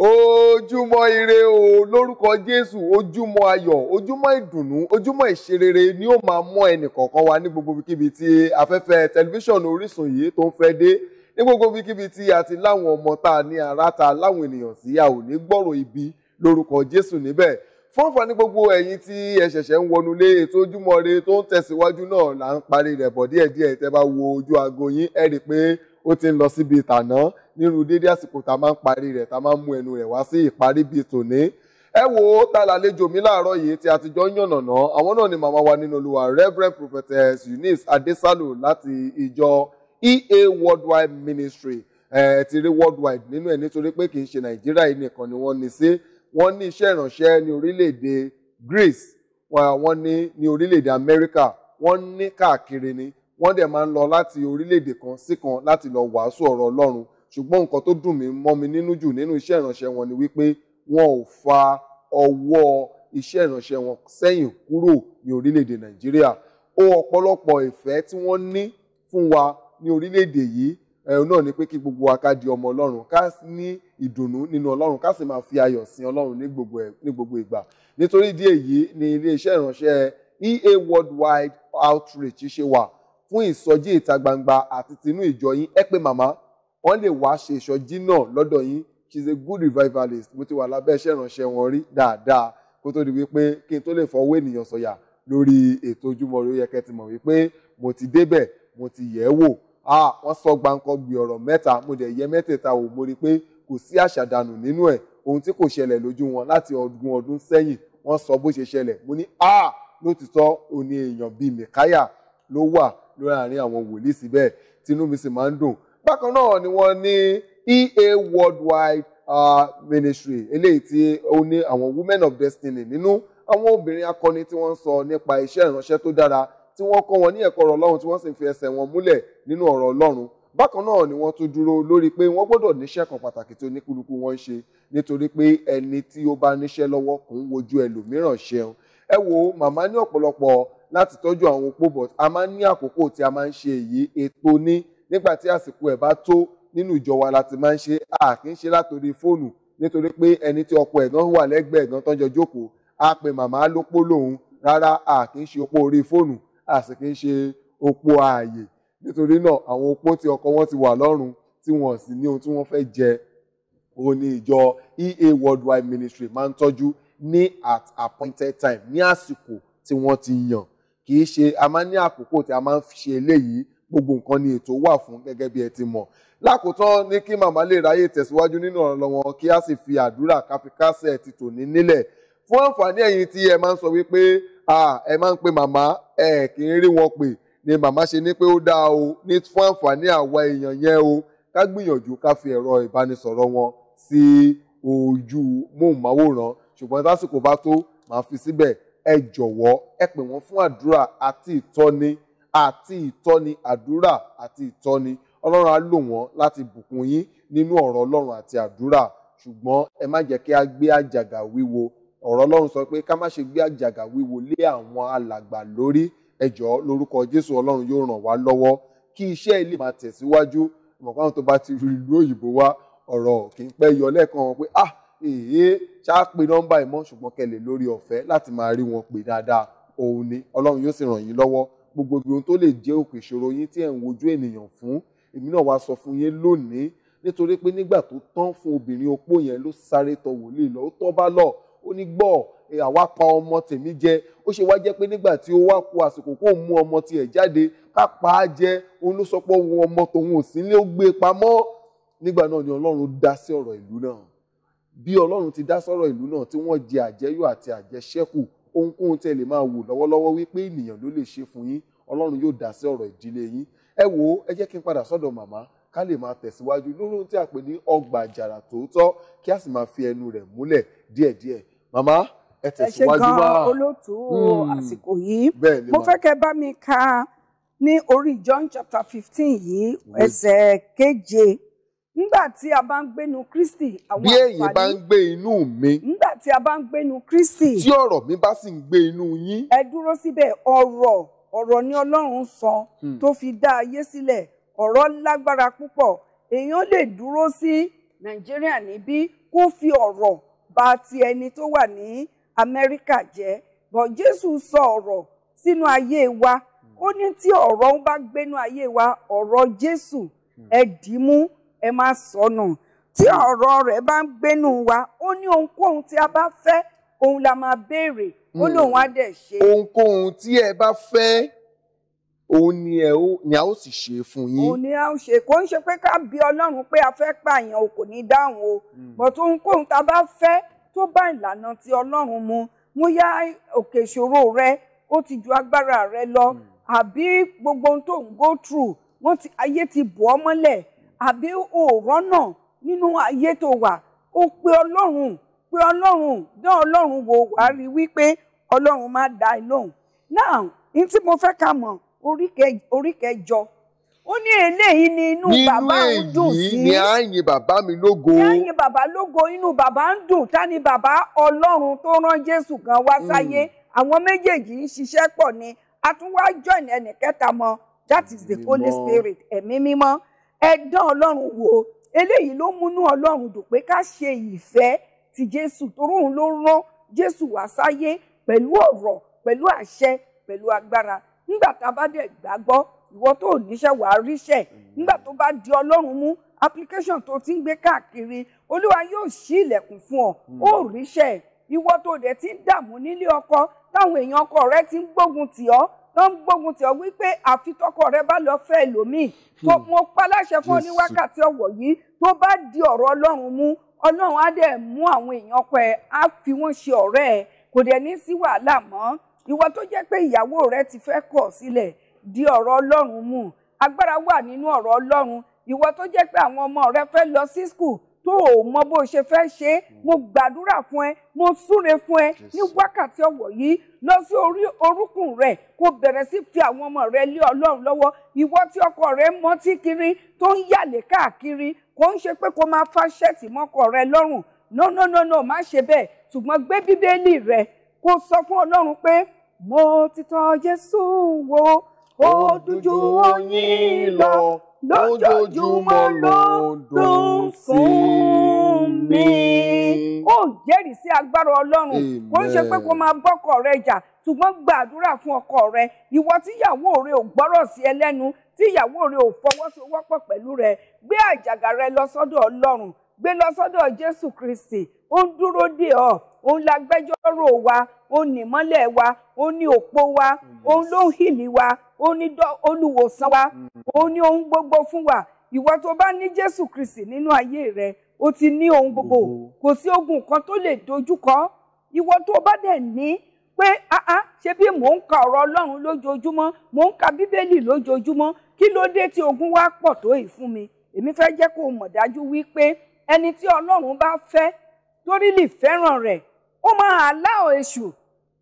ojúmọ́ ire o lórúkọ jésù ojúmọ́ ayọ̀ ojúmọ́ ìdùnnú ojúmọ́ ìṣerere ni ó máa mọ́ ẹnìkọ̀ọ̀kan wa ní gbogbo ibikíbi tí afẹ́fẹ́ tẹlifíṣọ̀nù Orísun yìí tó ń fẹ́ dé ní gbogbo ibikíbi tí a ti láwọn ọmọ tá a ní ara ta láwọn ènìyàn sí a ò ní gbọ́rọ̀ ibi lórúkọ jésù níbẹ̀ fún àǹfààní gbogbo ẹ̀yin tí ẹ ṣẹ̀ṣẹ̀ ń wọnúlé ètò ojúmọ́ ire tó ń tẹ̀síwájú náà là ń parí rẹ̀ bọ̀ díẹ̀díẹ̀ tẹ́ bá wo ojú aago yín ẹ rí pé ó ti ń lọ síbi ìtàná nírú dédé àsìkò tá a máa ń parí rẹ̀ tá a máa ń mú ẹnu rẹ̀ wá sí ìparí bíi tòní ẹ wo ta làlejò mi láàárọ̀ yìí tí a ti jọ ń yànnàná àwọn náà ni màmá wa nínú Olúwa Reverend Prophetess Eunice Adesalo láti ìjọ EA Worldwide Ministry ẹ ti rí worldwide nínú ẹ nítorí pé kì í ṣe Nàìjíríà yìí nìkan ni wọ́n ní sí wọ́n ní iṣẹ́ ìrànṣẹ́ ní orílẹ̀-èdè Greece wọ́n ní ní orílẹ̀-èdè Amẹ́ríkà wọ́n ní káàkiri ni wọ́n dẹ̀ máa ń lọ láti orílẹ̀-èdè kan sí kan láti lọ wàásù ọ̀rọ̀ Ọlọ́run ṣùgbọ́n nǹkan tó dùn mí mọ́ mi nínú jù nínú iṣẹ́ ìránṣẹ́ wọn ni wípé wọn ò fa ọwọ́ iṣẹ́ ìránṣẹ́ wọn sẹ́yìn kúrò ní orílẹ̀-èdè Nàìjíríà ó ọ̀pọ̀lọpọ̀ ìfẹ́ tí wọ́n ní fún wa ní orílẹ̀-èdè yìí ẹ̀rù náà ni pé kí gbogbo wa ká di ọmọ Ọlọ́run ká ní ìdùnnú nínú Ọlọ́run ká sì máa fi ayọ̀ sin Ọlọ́run ní gbogbo ìgbà nítorí ìdí èyí ni iléeṣẹ́ ìránṣẹ́ EA Worldwide Outreach ṣe wà fún ìsọjí ìta gbangba àti tinú ìjọ yín ẹ pé màmá wọ́n lè wá ṣe ìsọjí náà lọ́dọ̀ yín she's a good revivalist mo ti wà lábẹ́ iṣẹ́ ìránṣẹ́ wọn rí dáadáa kó tó di wípé kí n tó lè fọwọ́ ènìyàn sọ̀yà lórí ètò ojúmọ́ ló yẹ ti mọ̀ wípé mo ti débẹ̀ mo ti yẹ̀ ẹ́ wò ah wọ́n sọ gbàǹkan gbì ọ̀rọ̀ mẹ́ta mo dẹ̀ yẹ̀ mẹ́tẹ̀ẹ̀ta wò mo rí i pé kò sí àṣàdànù nínú ẹ̀ ohun tí kò ṣẹlẹ̀ lójú wọn láti ọdún ọdún sẹ́yìn wọ́n sọ bó ṣe ṣẹlẹ̀ mo ní ah lótìtọ́ òní èèyàn bíi mẹ̀káyà ló wà láàrin àwọn wòlíì síbẹ̀ tínú mi sì máa ń dùn bákan náà ni wọ́n ní EA Worldwide uh, Ministry eléyìí tí ó ní àwọn Women of Destiny nínú àwọn obìnrin akọni tí wọ́n ń sọ nípa iṣẹ́ ìránṣẹ́ tó dára tí wọ́n kọ́ wọn ní ẹ̀kọ́ ọ̀rọ̀ Ọlọ́run tí wọ́n sì ń fi ẹsẹ̀ wọn múlẹ̀ nínú ọ̀rọ̀ Ọlọ́run bákan náà ni wọ́n tún dúró lórí pé wọ́n gbọ́dọ̀ níṣẹ́ kan pàtàkì tí oníkúlùkù wọn ń ṣe nítorí pé ẹni tí ó bá níṣẹ́ lọ́wọ́ kò ń wojú ẹlòmíràn ṣeun ẹ wo màmá ní ọ̀pọ̀lọpọ̀ láti tọ́jú àwọn opó but a máa ń ní àkókò tí a máa ń ṣe èyí ètò ní nígbà tí àsìkò ẹ̀ bá tó nínú ìjọ wa láti máa ń ṣe a. kì í ṣe látòrí fóònù nítorí pé ẹni tí ọkọ ẹ̀gán wà lẹ́gbẹ̀ẹ́ gan tọ́jọ́ jókòó a pè màmá lópó lòun rárá a kì í ṣe opó orí fóònù a sì kì í ṣe opó ààyè nítorí náà àwọn opó tí ọkọ wọn ti wà lọ́rùn tí wọn sì ní ohun tí wọ́n fẹ́ jẹ òun ni ìjọ EA Worldwide Ministry máa ń tọ́jú ní at appointed time ní àsìkò tí wọ́n ti yàn kì í ṣe a máa ń ní àkókò tí a máa ń ṣe eléyìí gbogbo nǹkan ni ètò wà fún gẹ́gẹ́ bí ẹ ti mọ̀ lákòótán ní kí màmá lè ráyè tẹ̀síwájú nínú ọ̀rọ̀ lọ́wọ́ kí a sì fi àdúrà káfíkásẹ̀ ti tòní nílẹ̀ fún àǹfààní ẹ̀yin tí ẹ máa ń sọ wípé ẹ máa ń pe màmá ẹ kì í rí wọn pè ni màmá ṣe ní pé ó dáa o ní fún àǹfààní àwa èèyàn yẹn o ká gbìyànjú ká fi ẹ̀rọ ìbánisọ̀rọ̀ wọn sí ojú móhùnmáwòrán ṣùgbọ́n tásìkò bá tó màá fi síbẹ̀ ẹ jọ̀wọ́ ẹ pè wọ́n fún àdúrà àti ìtọ́ni àti ìtọ́ni àdúrà àti ìtọ́ni ọlọ́run á lò wọ́n láti bùkún yín nínú ọ̀rọ̀ ọlọ́run àti àdúrà ṣùgbọ́n ẹ má jẹ́ kí a gbé àjàgà wíwo ọ̀rọ̀ ọlọ́run sọ pé ká má ṣe gbé àjàgà wíwo lé àwọn alàgbà lórí ẹ jọ̀ọ́ lórúkọ jésù ọlọ́run yóò ràn wá lọ́wọ́ kí iṣẹ́ ilé máa tẹ̀síwájú ìmọ̀páwọn tó bá ti rí ìlú òyìnbó wá ọ̀rọ̀ kì í pẹ́ yọ lẹ́ẹ̀kan wọn pé ah èyí ṣáà pe nọ́mbà ìmọ̀ ṣùgbọ́n kẹlẹ̀ lórí ọ̀fẹ́ láti máa rí wọn pè dáadáa òun ni ọlọ́run yóò sì ràn yín lọ́wọ́ gbogbo ohun tó lè jẹ́ òkè ìṣòro yín tí ẹ̀ ń wojú ènìyàn fún èmi náà wá sọ fún yín lónìí nítorí pé nígbà tó tán fún obìnrin opó yẹn ló sáré tọ̀ wòlíì lọ ó tọ́ bá lọ ó ní gbọ́ àwa pa ọmọ tèmi jẹ ó ṣe wá jẹ́ pé nígbà tí ó wá ku àsìkò kó mú ọmọ tiẹ̀ jáde ká pa á jẹ òun ló sọ pé òun ọmọ tòun ò sí nílé ó gbé e pamọ́ nígbà náà ni ọlọ́run dá sí ọ̀rọ̀ ìlú náà bí ọlọ́run ti dá sọ́rọ̀ ìlú náà tí wọ́n jẹ àjẹyọ̀ àti àjẹṣẹ́kù ohunkóhun tẹ́ lè máa wò lọ́wọ́lọ́wọ́ wípé ènìyàn ló lè ṣe fún yín ọlọ́run yóò dá sí ọ̀rọ̀ ìdílé yín ẹ wo ẹ jẹ́ kí n padà sọ́dọ̀ màmá ká lè máa tẹ̀síwájú lórí ohun tí a pè ní ọgbà àjàrà tòótọ́ kí a sì máa fi ẹnu rẹ̀ múlẹ̀ díẹ̀díẹ̀ màmá ẹ tẹ̀síwájú wá. ẹ ṣe gan olóòtú hmm. àsìkò yìí mo fẹ́ kẹ́ bá mi ka ní orí John chapter fifteen yìí ẹsẹ̀ keje nígbà tí a bá ń gbénu Kristi àwọn àǹfààní bí ẹ̀yin bá ń gbé inú mi nígbà tí a bá ń gbénu Kristi tí ọ̀rọ̀ mi bá sì ń gbé inú yín ẹ dúró síbẹ̀ ọ̀rọ̀ ọ̀rọ̀ ni Ọlọ́run sọ hmm. tó fi dá ayé sílẹ̀ ọ̀rọ̀ lágbára púpọ̀ èèyàn lè dúró sí Nàìjíríà níbí kó fi ọ̀rọ̀ bà ti ẹni tó wà ní Amẹ́ríkà jẹ́ bọ̀ Jésù sọ ọ̀rọ̀ sínú ayé wa ó ní tí ọ̀rọ̀ ń bá gbénú ayé wa ọ̀rọ̀ Jésù ẹ dìímú ẹ má sọnù tí ọ̀rọ̀ rẹ̀ bá ń gbénu wa ó ní ohunkóhun tí a bá fẹ́ òun la máa béèrè ó hmm. lóun á dẹ̀ ṣe. ohunkóhun tí ẹ bá fẹ́ òun ni ẹ ó ni a ó sì ṣe fún yín. òun ni a ó ṣe kó ń ṣe pé ká bí ọlọ́run pé a fẹ́ pààyàn o kò ní dáhùn o hmm. but ohunkóhun tá a bá fẹ́ tó bá ìlànà ti ọlọ́run mu mú yá òkè ìṣòro rẹ ó ti ju agbára rẹ lọ hmm. àbí gbogbo ohun tó ń go through wọ́n ti ayé ti bò ọ́ mọ́lẹ̀ àbí òòrọ́ náà nínú ayé tó wà ó pe ọlọ́run pe ọlọ́run dán ọlọ́run wò wá rí wípé ọlọ́run máa dá ẹ lóhùn náà ní tí mo fẹ́ ká mọ̀ orí kẹjọ ó ní eléyìí ni inú bàbá ń dùn sí nínú èyí ni à ń yin bàbá mi lógo à ń yin bàbá lógo inú bàbá ń dùn ta ni bàbá ọlọ́run tó rán jésù gan wá sáyé hmm. àwọn méjèèjì ń ṣiṣẹ́ pọ̀ ni a tún wá join ẹnì kẹta mọ́ that is the holy spirit ẹ̀mí mímọ́ ẹ dán ọlọ́run wò eléyìí ló múnú ọlọ́run dùn pé ká ṣe ìfẹ́ ti jésù torí òun ló rán jésù wá sáyé pẹ̀lú ọ̀rọ̀ pẹ̀lú àṣẹ pẹ̀lú agbára nígbà tá a bá dẹ̀ gbàgbọ́ ìwọ tó níṣẹ́ wàá ríṣẹ́ nígbà tó bá di ọlọ́run mú application tó ti ń gbé káàkiri olúwa yóò ṣí ilẹ̀kùn fún ọ hmm. ó ríṣẹ́ ìwọ tó dẹ̀ ti ń dààmú nílé ọkọ táwọn èèyàn ọkọ rẹ ti ń gbógun tì ọ́ tó ń gbógun tì ọ́ wípé àfi tọkọ rẹ bá lọ fẹ́ ẹlòmíì hmm. tó mo paláṣẹ fún ọ ní wákàtí ọ̀wọ̀ yìí tó bá di ọ̀rọ̀ Ọlọ́run mú Ọlọ́run á dẹ̀ mú àwọn èèyàn ọkọ ẹ̀ á fi wọ́n ṣe ọ̀rẹ́ ẹ̀ kò dẹ̀ ní sí wàhálà mọ́ ìwọ tó jẹ́ pé ìyàwó rẹ ti fẹ́ kọ̀ sílẹ̀ di ọ̀rọ̀ Ọlọ́run mú agbára wà nínú ọ̀rọ̀ Ọlọ́run ìwọ tó jẹ́ pé àwọn ọmọ rẹ fẹ́ lọ sí school tó o mọ bó o ṣe fẹ́ ṣe é hmm. mo gbàdúrà fún ẹ mo súre fún ẹ ní wákàtí ọ̀wọ̀ yìí lọ sí orí orúnkún rẹ kó bẹ̀rẹ̀ sí fi àwọn ọmọ rẹ lé ọlọ́run lọ́wọ́ ìwọ tí ọkọ rẹ mọtí kiri tó ń yàlé káàkiri kò ń ṣe pé kó máa fa ṣẹ́ẹ̀tì mọ́kọ rẹ lọ́rùn no no no no má ṣe bẹ́ẹ̀ ṣùgbọ́n gbé bíbélì rẹ kó sọ fún ọlọ́run pé mo ti tọ́ jésù wò ó dújú oyin lọ lójoojúmọ́ ló dùn fún mi. ó jẹ́rìí sí agbára ọlọ́run kò ń ṣe pé kó máa bọ́kọ rẹ jà ṣùgbọ́n gbàdúrà fún ọkọ rẹ ìwọ tíyàwó rẹ ò gbọ́rọ̀ sí ẹ lẹ́nu tíyàwó rẹ ò fọwọ́sowọ́pọ̀ pẹ̀lú rẹ gbé àjàgà rẹ lọ sọ́dọ̀ ọlọ́run gbé lọ sọ́dọ̀ jésù kristi ó ń dúró dè ọ́ òun la gbẹjọ́rò wa òun nìmọ́lẹ̀ wa òun ní òpó wa òun oh, ń hìlì wa ó ní olùwòsàn wa hmm. ó ní ohun gbogbo fún wa ìwọ tó bá ní Jésù Kristi nínú ayé rẹ ó ti ní ohun gbogbo kò sí ogun kan tó lè dojúkọ ìwọ tó bá dẹ̀ ní pé áá ṣe bí mò ń ka ọ̀rọ̀ Ọlọ́run lójoojúmọ́ mò ń ka Bíbélì lójoojúmọ́ kí ló dé tí ogun wá pọ̀ tó yìí fún mi èmi fẹ́ jẹ́ kó mọ̀ dájú wípé ẹni tí Ọlọ́run bá fẹ́ torí lè fẹ́ràn rẹ̀ ó máa aláwọ̀ èṣù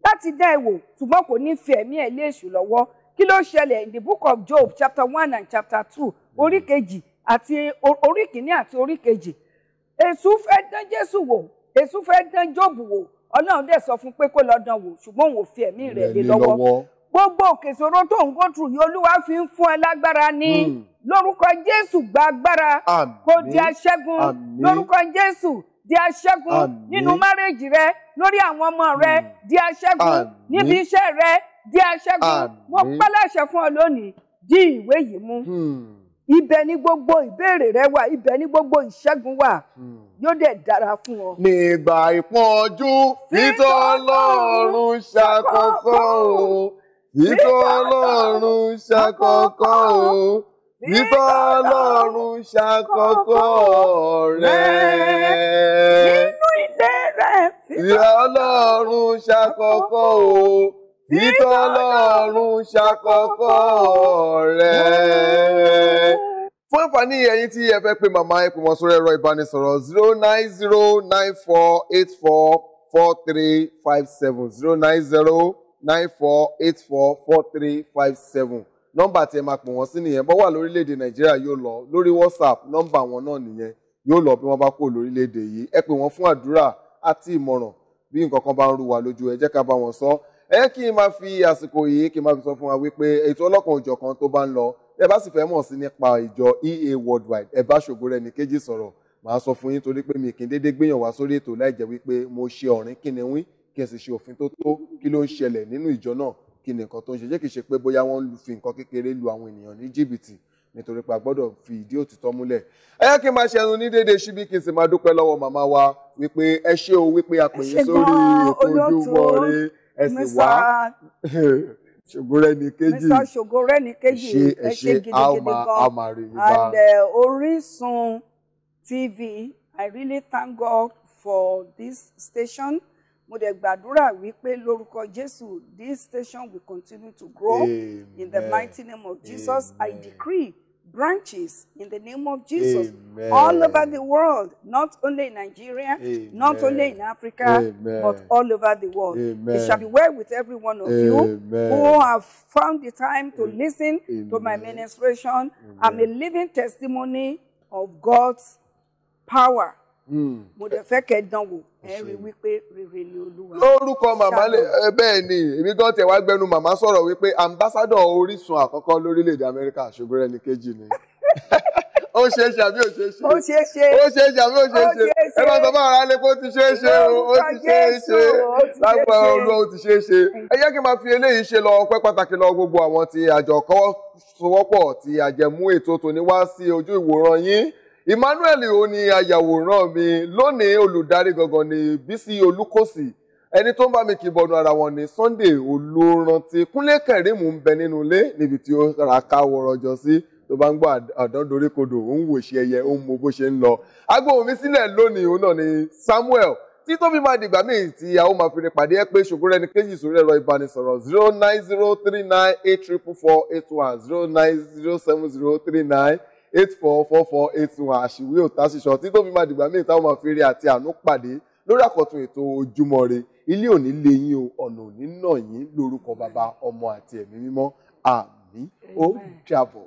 láti dá ẹ wò ṣùgbọ́n kò ní fi ẹ̀mí ẹ̀ lé èṣù lọ́wọ́ kí ló ṣẹlẹ̀ in the book of Job chapter one and chapter two hmm. orí kejì àti orí kìíní àti orí kejì èṣù fẹ́ dán Jésù wò èṣù fẹ́ dán Job wò Ọlọ́run dẹ̀ sọ fún pé kó lọ dán wò ṣùgbọ́n òun ò fi ẹ̀mí rẹ̀ lé lọ́wọ́ gbogbo òkè tó ń go through yìí Olúwa fi ń fún ẹ lágbára ní hmm. lórúkọ Jésù gba agbára kó di aṣẹ́gun lórúkọ Jésù di aṣẹ́gun nínú márèjì rẹ lórí àwọn ọmọ rẹ hmm. di aṣẹ́gun níbi iṣẹ́ rẹ díẹ̀ ṣẹ́gun mo pẹ́ lẹ́sẹ̀ fún ọ lónìí dí ìwé yìí mú hmm. ibẹ̀ ni gbogbo ìbéèrè rẹ wà ibẹ̀ ni gbogbo ìṣẹ́gun wà hmm. yóò dẹ̀ dára fún ọ. nígbà ìpọ́njú títọ́ ọlọ́run ṣàkọ́kọ́ o títọ́ ọlọ́run ṣàkọ́kọ́ o títọ́ ọlọ́run ṣàkọ́kọ́ rẹ. nínú ilé rẹ. títọ́ ọlọ́run ṣàkọ́kọ́ o ìtọ́lọ́run ṣàkọ́kọ́ rẹ̀. fún àǹfààní ẹ̀yin tí ẹ fẹ́ pe màmá ẹ pè wọ́n sórí ẹ̀rọ ìbánisọ̀rọ̀ zero nine zero nine four eight four four three five seven zero nine zero nine four eight four four three five seven nọ́mbà tí ẹ máa pè wọ́n sí nìyẹn bó wà lórílẹ̀‐èdè nàìjíríà yóò lọ lórí whatsapp nọ́mbà wọn náà nìyẹn yóò lọ bí wọ́n bá kó lórílẹ̀‐èdè yìí ẹ pè wọ́n fún àdúrà àti ìmọ̀ràn bí nǹkan kan bá ń ru wa lójú ẹ jẹ́ ká bá wọn sọ ẹ kí n máa fi àsìkò yìí kí n máa fi sọ fún wa wípé ètò ọlọ́kan òjọ̀ kan tó bá ń lọ ẹ bá sì fẹ́ mọ̀ sí nípa ìjọ EA Worldwide ẹ bá Ṣògorẹ̀níkejì sọ̀rọ̀ màá sọ fún yín torí pé mi kì í dédé gbéyàn wá sórí ètò láì jẹ́ wípé mo ṣe ọ̀rìn kìnìún kí n sì ṣe òfin tó tó kí ló ń ṣẹlẹ̀ nínú ìjọ náà kí ni nǹkan tó ń ṣe jẹ́ kì í ṣe pé bóyá wọ́n ń fi nǹkan kékeré lu àwọn ènìyàn ní jìbìtì nítorí pé a gbọ́dọ̀ fi ìdí òtítọ́ múlẹ̀. ẹ yá kí n máa ṣe ẹnu ní déédéé ṣíbí kí n sì máa dúpẹ́ lọ́wọ́ màmá wa wípé ẹ ṣé o wípé a pè yín sórí ètò Ojúmọ́ Ire ẹ sì wá Ṣògorẹ́nìkejì Mr. Ṣògorẹ́nìkejì ẹ ṣe gidigidi and uh, Orísun TV I really thank God for this station mo dẹ̀ gbàdúrà wípé lórúkọ Jésù this station will continue to grow Amen. in the mighty name of Jesus Amen. I decree branches in the name of Jesus Amen. all over the world, not only in Nigeria, Amen. not only in Africa, Amen. but all over the world. It shall be well with every one of you who have found the time to listen to my ministration. I'm a living testimony of God's power. Mm. ẹ rí wípé rere ni olúwa. lórúkọ màmá lè bẹ́ẹ̀ ni èmi gan tẹ̀ wá gbẹnu màmá sọ̀rọ̀ wípé ambassadọ̀ orísun àkọ́kọ́ lórílẹ̀‐èdè amẹ́ríkà ṣùgbọ́n ẹni kejì ni ó ṣe é ṣe àbí ó ṣe é ṣe ó ṣe é ṣe ó ṣe é ṣe àbí ó ṣe é ṣe ẹ bá sọ fún ara rẹ pé ó ti ṣe é ṣe o ó ti ṣe é ṣe lágbà olúwa ó ti ṣe é ṣe ẹ jẹ́ kí n máa fi eléyìí ṣe lọ ọpẹ́ pàtàkì lọ gbogbo àwọn tí àjọ kọ́wọ́ sowọ́pọ̀ àjẹmú ètò tòní wá sí ojú ìwòran yín Emmanuel ó ní ayàwòrán mi lónìí olùdarí gangan ni Bísí Olúkòsì ẹni tó ń bá mi kìbọnú ara wọn ní Sunday Olórántí Kúnlé Kẹrìmù ń bẹ nínú ilé níbi tí ó ra ká wọrọjọ sí tó bá ń gbọ́ àdán dorí kodò ó ń wòṣe ẹyẹ ó ń mọ bó ṣe ń lọ agbóhùn mi sílẹ̀ lónìí òun náà ni Samuel tí tó fi máa dìgbà míì tí a ó máa fi ní pàdé ẹ pé ṣògo rẹ ní kéjì sórí ẹ̀rọ ìbánisọ̀rọ̀ zero nine zero three nine eight triple four eight one zero nine zero seven zero three nine eight four four four eight one àṣìwé òtásísọ tí tó fi máa dìgbà míì táwọn máa fi rí àti àánú pàdé lórí àkọ́tún ètò ojúmọ́ re ilé òní lè yín o ọ̀nà òní nà yín lórúkọ bàbá ọmọ àti ẹ̀mí mímọ́ àmín ó jàbọ̀.